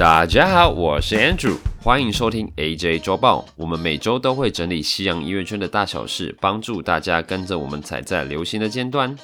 大家好，我是 Andrew，歡迎收聽 AJ 週報。我們每周都會整理西洋音樂圈的大小事，幫助大家跟着我們踩在流行的尖端。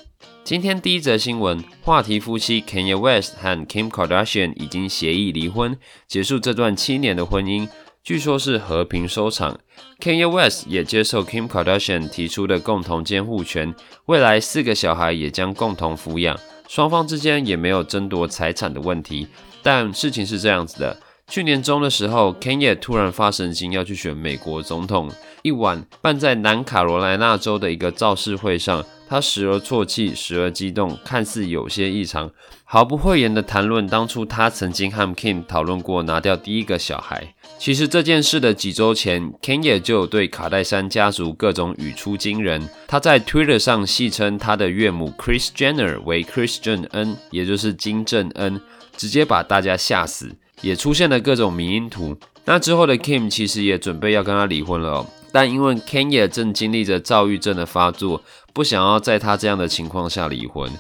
今天第一則新聞，話題夫妻 Kanye West 和 Kim Kardashian 已經協議離婚，結束這段七年的婚姻，據說是和平收場。Kanye West 也接受 Kim Kardashian 提出的共同監護權，未來四個小孩也將共同撫養，雙方之間也沒有爭奪財產的問題。但事情是這樣子的：去年中的時候，Kanye 突然發神經要去選美國總統。一晚辦在南卡羅來納州的一個造勢會上。他時而啜泣，時而激動，看似有些異常，毫不諱言地談論當初他曾經和 Kim 討論過拿掉第一個小孩。其實這件事的幾週前，Kanye 也就有對卡戴珊家族各種語出驚人。他在 Twitter 上戲稱他的岳母 Chris Jenner 為 Christian N，也就是金正恩，直接把大家嚇死。也出現了各種迷因圖。那之後的 Kim 其實也準備要跟他離婚了哦。但因為 Kanye 正經歷着躁鬱症的發作，不想要在他這樣的情況下離婚。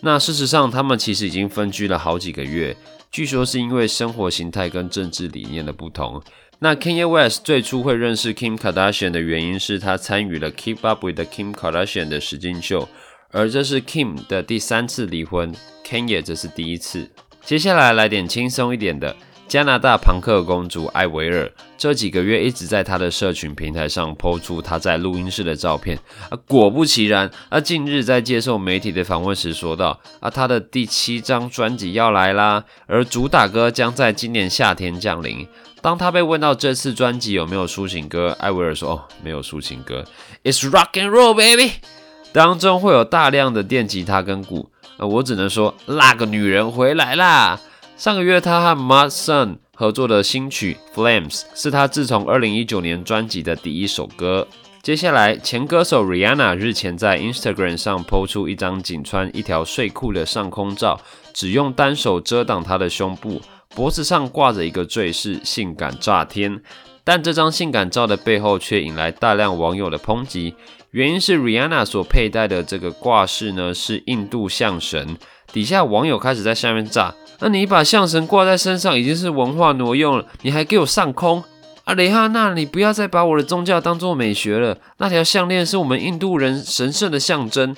那事實上，他們其實已經分居了好幾個月，據說是因為生活形態跟政治理念的不同。那 Kanye West 最初會認識 Kim Kardashian 的原因是他參與了《Keep Up With The Kim Kardashian》的實境秀，而這是 Kim 的第三次離婚，Kanye 這是第一次。接下來來點輕鬆一點的。加拿大龐克公主艾薇爾這幾個月一直在她的社群平台上 PO 出她在錄音室的照片，啊，果不其然，啊，近日在接受媒體的訪問時說道，啊，她的第七張專輯要來啦，而主打歌將在今年夏天降臨。當她被問到這次專輯有沒有抒情歌，艾薇爾說：“哦，沒有抒情歌，It's rock and roll baby。”當中會有大量的電吉他跟鼓，我只能說，那個女人回來啦。上個月，他和 Mod Sun 合作的新曲《Flames》是他自從2019年專輯的第一首歌。接下來，前歌手 Rihanna 日前在 Instagram 上拋出一張僅穿一條睡褲的上空照，只用單手遮擋她的胸部。脖子上掛着一個墜飾，性感炸天，但這張性感照的背後卻引來大量網友的抨擊。原因是 Rihanna 所佩戴的這個掛飾呢，是印度象神。底下網友開始在下面炸：“那你把象神掛在身上，已經是文化挪用了，你還給我上空啊，蕾哈娜，你不要再把我的宗教當做美學了。那條項鏈是我們印度人神聖的象徵。”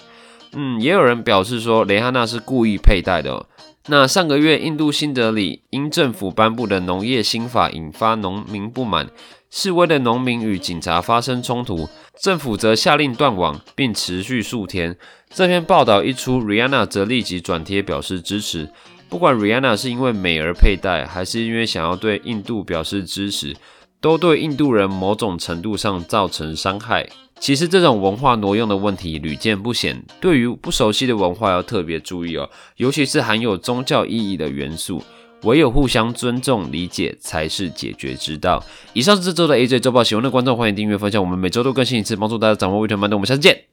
嗯，也有人表示說，蕾哈娜是故意佩戴的。那上個月，印度新德裡因政府頒布的農業新法引發農民不滿，示威的農民與警察發生衝突，政府則下令斷網並持續數天。這篇報道一出，Rihanna 則立即轉貼表示支持。不管 Rihanna 是因為美而佩戴，還是因為想要對印度表示支持，都對印度人某種程度上造成傷害。其實這種文化挪用的問題屢見不鮮，對於不熟悉的文化要特別注意哦，尤其是含有宗教意義的元素，唯有互相尊重理解才是解決之道。以上是這周的 AJ 周報，喜歡的觀眾歡迎訂閱分享，我們每周都更新一次，幫助大家掌握樂團脈動。我們下次見。